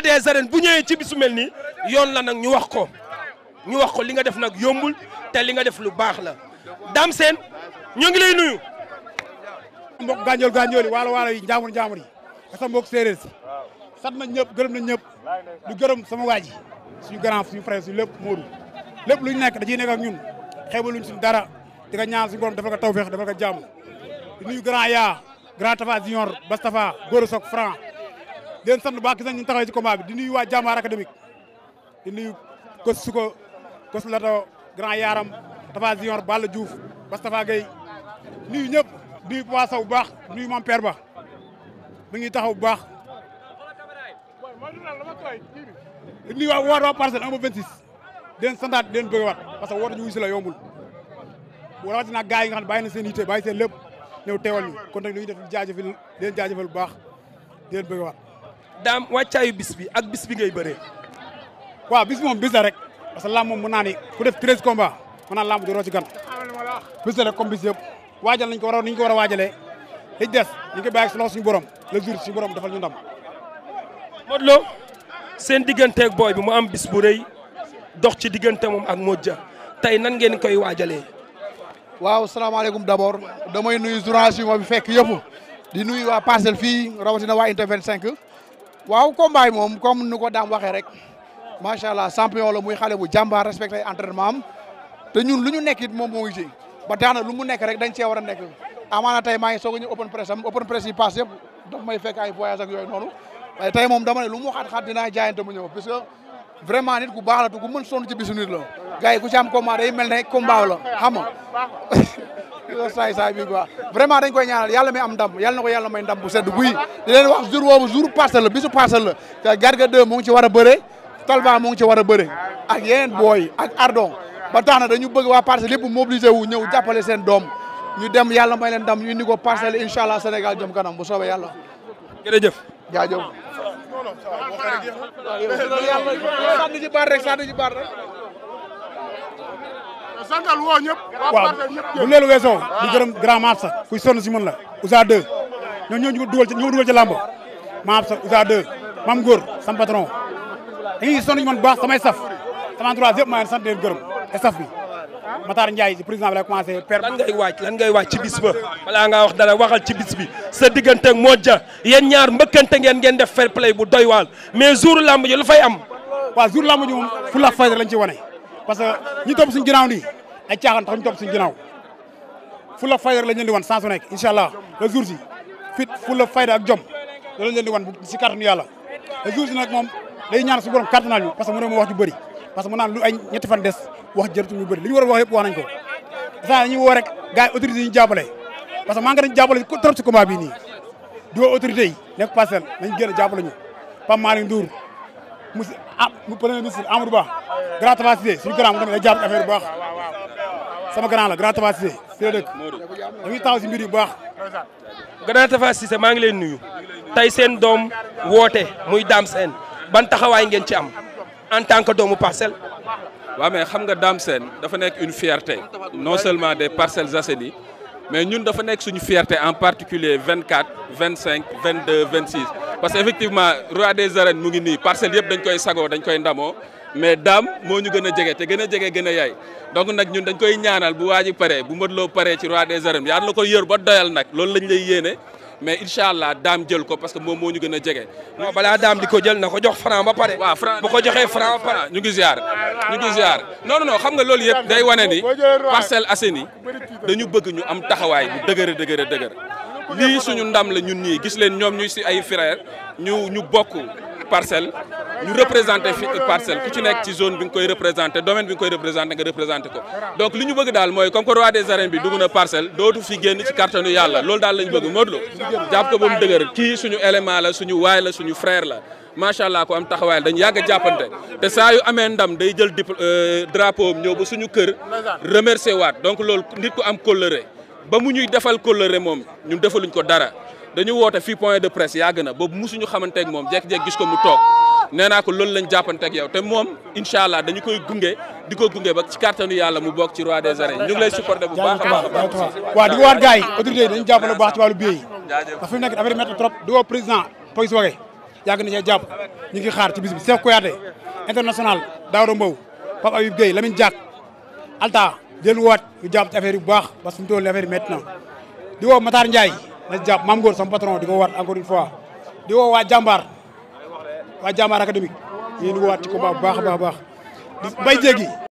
roi des bu ñëwee ci bisu mel nii yoon la nag ñu wax ko ñu wax ko li nga def nag yombul te li nga def lu baax la Dame Sène ñoo ngi lay nuyu. mbokk gànjool gànjool yi waalo waalo yi njaamur njaamur yi parce sat nañ ñëpp gërëm nañ ñëpp du gërëm sama waa ji suñu grand suñu frère suñu lépp Modou lépp luñ nekk dañuy nekk ak ñun xeebaluñ suñu dara di nga ñaan suñu borom dafa ko tawfeex dafa ko jàmm di nuyu grand yaa grand Tafa junior Bastafa Goro Sok Franc di leen ba bu baax gis nañ ñu taxawee ci combat bi di nuyu waa Jàmbaar académique di nuyu kos su ko kos lato grand yaaram Tafa Zior Balla Diouf Bastafa Gueye nuyu ñëpp nuyu Papa Sow bu baax nuyu Mam Père Ba mi ngi taxaw bu baax di nuyu waa waa parcelle 1 ba 26 di leen santaat di leen bëgg waat parce que woote ñu wuyu si la yombul rawatina gars yi nga xam ne na seen yitte bàyyi seen lépp ñëw teewal ñu kon nag li ñuy def jaajëfal di leen jaajëfal bu baax di bëgg daam wàccaayu bis bi ak bis bi ngay bëree. waaw bis moom bis la rek parce que lamb moom mën naa ni ku def treize combats mën naa lamb du roo ci gan bis la rek comme bis yëpp waajal nañ ko war a ni ñu ko war waajalee des ñu ngi bàyyi si su loxo suñu borom le jour si borom defal ñu ndam. Modou Lo seen digganteeg booy bi mu am bis bu rëy dox ci diggante moom ak Modja tey nan ngeen koy waajalee. waaw salaamaaleykum d' abord damay nuyu journaliste yi ma fi fekk yëpp di nuyu waa parcelle fii rawatina waa Unité 25. waaw combat moom comme nu ko daam waxee rek macha allah champion la muy xale bu jàmbaar respecté entraînement am te ñun lu ñu nekk moom moo ngi ci ba tax na lu mu nekk rek dañ cee a nekk amaana tey maa ngi soog a ñëw open press yi pass yëpp daf may fekk ay voyage ak yooyu noonu waaye tey moom dama ne lu mu xat-xat dinaa jaayante mu ñëw parce que vraiment nit ku baax la te ku mën sonn ci bisu nit la gars ku ci am combat day mel ne combat la xam nga saay saay bi quoi vraiment dañ koy ñaanal yàlla may am ndam yàlla na ko yàlla may ndam bu sedd buy di leen wax jour boobu parcelle la bisu parcelle la te Garga 2 mu ngi ci war a bëre Talba mu ngi ci war a bëre ak yeneen booy ak Ardon ba tax dañu bëgg waa parcelle yëpp mobilisé wu ñëw jàppale seen doom ñu dem yàlla may leen ndam ñu indi ko parcelle incha Sénégal jëm kanam bu soobee yàlla. jërëjëf jaajëf. waaw yow rek sànni ci baat rek. santal woo ñëpp waaw bu leelu weesoo di gërëm grand maam sax kuy sonn si mën la Ousa 2 ñoo ñoo ñu dugal ci ñoo dugal ci làmb maam sax Ousa 2 maam góor sam patron dañuy sonn ñu man baax samay saf sama entourage yëpp maa ngi sant leen gërëm staff bi Matar Ndiaye si président bi lay commencé per lan ngay waaj lan ngay ci bis ba balaa ngaa wax dara waxal ci bi sa diggante ak Modja yéen ñaar mbëkkante ngeen ngeen def fair play bu doy waal mais jour lamb ji lu fay am waaw jour lamb ji moom fu la fay lañ ci wane parce que ñi topp suñu ginnaaw nii ay caaxaan tax ñu topp suñu ginnaaw fulla fayda la ñu leen di wan allah le jour si fit fulla fayda ak jom loolu la ñu leen di wan si kàttanu yàlla jour si nag moom day ñaan suñu borom kàttanal ñu parce que mu ne ma wax ju bëri parce que mu naan lu ay ñetti fan des wax jërëtu ñu bëri li ñu war a wax yëpp wax nañ ko saa dañuy woo rek gars ñu jàppale parce maa ngi leen a jàppale ñu Pape Malick Ndour monsieur ah premier ministre Ba grand mu tamit day sama grand la grand Tapha Cissé si la dëkk baax. grand Tapha Cissé maa ngi leen nuyu tey seen doom woote muy Dame Sène ban taxawaay ngeen ci am en tant que doomu parcelle. waaw mais xam nga Dame seen dafa nekk une fierté non seulement des Parcelles Assainies mais ñun dafa nekk suñu fierté en particulier cinq 25 22 26 parce que effectivement roi des arènes mu ngi nii parcelles yëpp dañ koy sagoo dañ koy ndamoo. mais daam moo ñu gën a jege te gën a jege gën a yaay donc nag ñun dañ koy ñaanal bu waa ji paree bu Modou Lo paree ci roi des arènes yàlla na ko yër ba doyal nag loolu lañ lay yéene mais incha allah daam jël ko parce que moom moo ñu gën a jege. moo balaa daam di ko jël na ko jox franc ba pare. waaw franc ko joxee franc ba pare ñu ngi ziar ñu ngi ziar non xam nga loolu yëpp day wane ni Parcelles ni dañu bëgg ñu am taxawaay bu dëgër dëgër dëgër lii suñu ndam la ñun nii gis leen ñoom ñuy si ay frère ñu ñu bokk. parcelle ñu représenté fi parcelle ku ci nekk ci zone bi nga koy représenté domaine bi nga koy représenté nga représenté ko donc li ñu bëgg daal mooy comme que roi des arènes bi dugg na parcelle dootu fi génn ci cartonu yàlla loolu daal lañ bëgg Modou Lo jàpp ko ba mu dëgër kii suñu élément la suñu waay la suñu frère la macha allah ko am taxawaay dañu yàgg a jàppante te saa amee ndam day jël dip euh, drapeau am ñëw ba suñu kër remercier waat donc loolu nit ku am kóllëre ba mu ñuy defal kóllëre moom ñun defaluñ ko dara dañu woote fii point de presse yàgg na boobu musuñu xamanteeg moom jékki-jékki gis ko mu toog nee naa ko loolu lañ jàppanteeg yow te moom incha allah dañu koy gunge di ko gunge ba ci kàttanu yàlla mu bokk ci roi des arènes ñu ngi lay supporté bu baax a baax waaw di ko waat gars yi autorité yi dañu jàppale bu baax ci wàllu biir yi ndax fi mu nekk affaire trop di woo président Pogis Wague yàgg na cee jàpp ñu ngi xaar ci bis bi Cheikh Kouyaté international Daouda Mbow Pape Habib Gueye Lamine Diack Alta jël waat ñu jàpp ci affaire yi bu baax parce que fi mu toll affaire yi métti na na si jàpp maam sam sama patron di ko waat encore une fois di woo waa jàmbaar waa jàmbaar académique ñii di ko waat ci combat bu baax a baax a baax di bay